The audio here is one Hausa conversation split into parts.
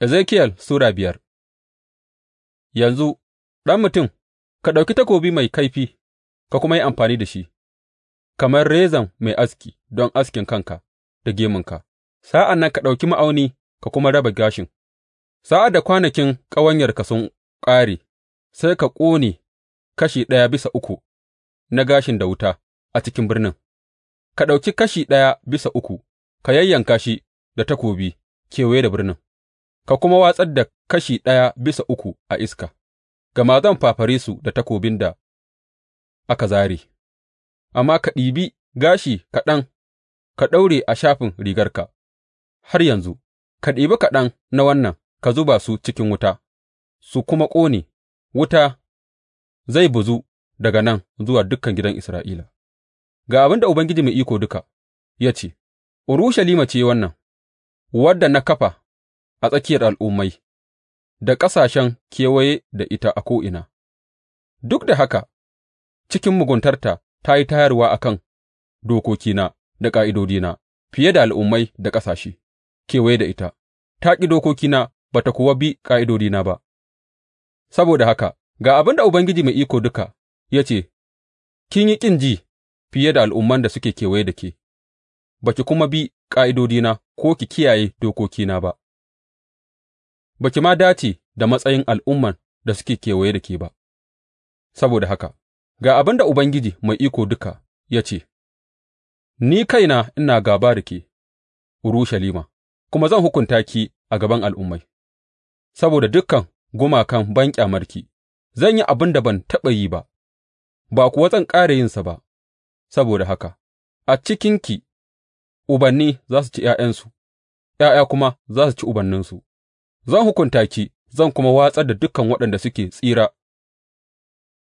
Ezekiyel Sura biyar Yanzu, ɗan mutum, ka ɗauki takobi mai kaifi ka kuma yi amfani da shi, kamar rezan mai aski don askin kanka da gemunka, sa'an nan ka ɗauki ma'auni ka kuma raba gashin, sa'ad da kwanakin ƙawanyarka sun ƙare, sai ka ƙone kashi ɗaya bisa uku na gashin da wuta a cikin birnin, ka ɗauki kashi ɗaya bisa uku ka yayyanka shi da takobi kewaye da birnin. ka kuma watsar da kashi ɗaya bisa uku a iska, gama zan fafare su da takobin da aka zare. amma ka ɗibi gashi kaɗan ka ɗaure a shafin rigarka, har yanzu, ka ɗibi kaɗan na wannan ka zuba su cikin wuta, su kuma ƙone, wuta zai buzu daga nan zuwa dukan gidan Isra'ila. Ga abin da Ubangiji Mai Iko Duka ya ce, Urushalima ce wannan, wadda na kafa a tsakiyar al'ummai da ƙasashen kewaye da ita a ko'ina, duk da haka cikin muguntarta ta yi tayarwa a kan dokokina da ƙa'idodina fiye da al'ummai da ƙasashe kewaye da ita, ta ƙi dokokina ba ta kuwa bi ƙa'idodina ba, saboda haka ga abin da Ubangiji Mai Iko Duka ya ce, Kin yi ƙin ji fiye da al'umman da suke kewaye da ke, ba ki kuma bi ƙa'idodina ko ki kiyaye dokokina ba. ba ki ma dace da matsayin al'umman da suke kewaye da ke ba, saboda haka, ga abin da Ubangiji Mai Iko Duka ya ce, Ni kaina ina gaba da ke, Urushalima, kuma zan hukunta ki a gaban al'ummai, saboda dukan gumakan banƙyamarki, zan yi abin da ban taɓa yi ba, ba kuwa zan ƙara yinsa ba, saboda haka, a cikinki, ubanni za su ci ’ya'yansu, ’ya'ya kuma za su ci ubanninsu. Zan hukunta ki zan kuma watsar da dukan waɗanda suke tsira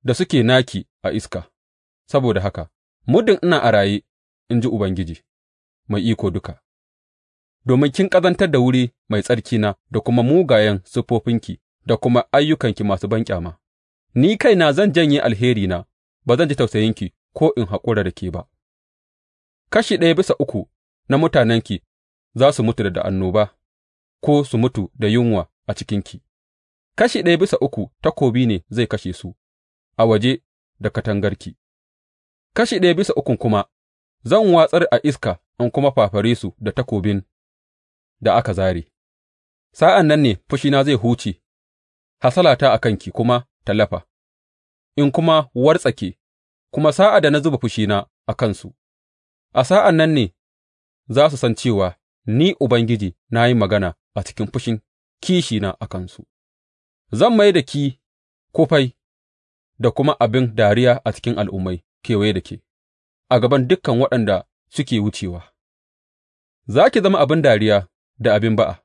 da suke naki a iska; saboda haka muddin ina a raye, in ji Ubangiji Mai Iko Duka, domin kin ƙazantar da wuri mai tsarkina da kuma mugayen siffofinki da kuma ayyukanki masu banƙyama, ni kaina zan janye alherina, ba zan ji tausayinki ko in haƙura da ke ba; kashi ɗaya bisa uku na mutanenki za su mutu da annoba. ko su mutu da yunwa a cikinki, kashi ɗaya bisa uku takobi ne zai kashe su a waje da katangarki, kashi ɗaya bisa ukun kuma zan watsar a iska in kuma fafare su da takobin da aka zare, sa'an nan ne fushina zai huce, hasalata a kanki kuma ta lafa, in kuma wartsake, kuma sa'ad da na zuba fushina a kansu, a sa'an nan ne za su san cewa Ni Ubangiji na yi magana a cikin fushin kishina a kansu, zan mai da ki kufai da kuma abin dariya a cikin al'ummai kewaye da ke, a gaban dukan waɗanda suke wucewa. Za ki zama abin dariya da abin ba'a,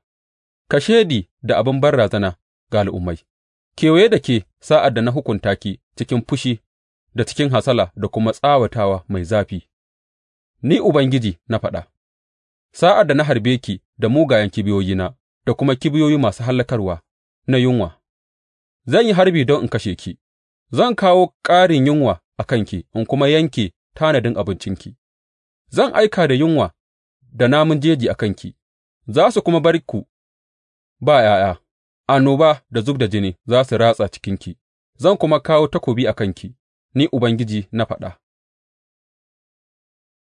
kashedi da abin banrazana ga al'ummai, kewaye da ke sa'ad da na hukunta ki cikin fushi da cikin hasala da kuma tsawatawa mai zafi. Ni Ubangiji na faɗa, sa'ad da na harbe ki da mugayen kibiyoyina, da kuma kibiyoyi masu hallakarwa na yunwa, zan yi harbi don in kashe ki, zan kawo ƙarin yunwa a kanki in kuma yanke tanadin abincinki, zan aika da yunwa da namun jeji a kanki, za su kuma bar ku ba ’ya'ya, annoba da zub da jini za su ratsa cikinki, zan kuma kawo takobi a kanki, ni Ubangiji na faɗa.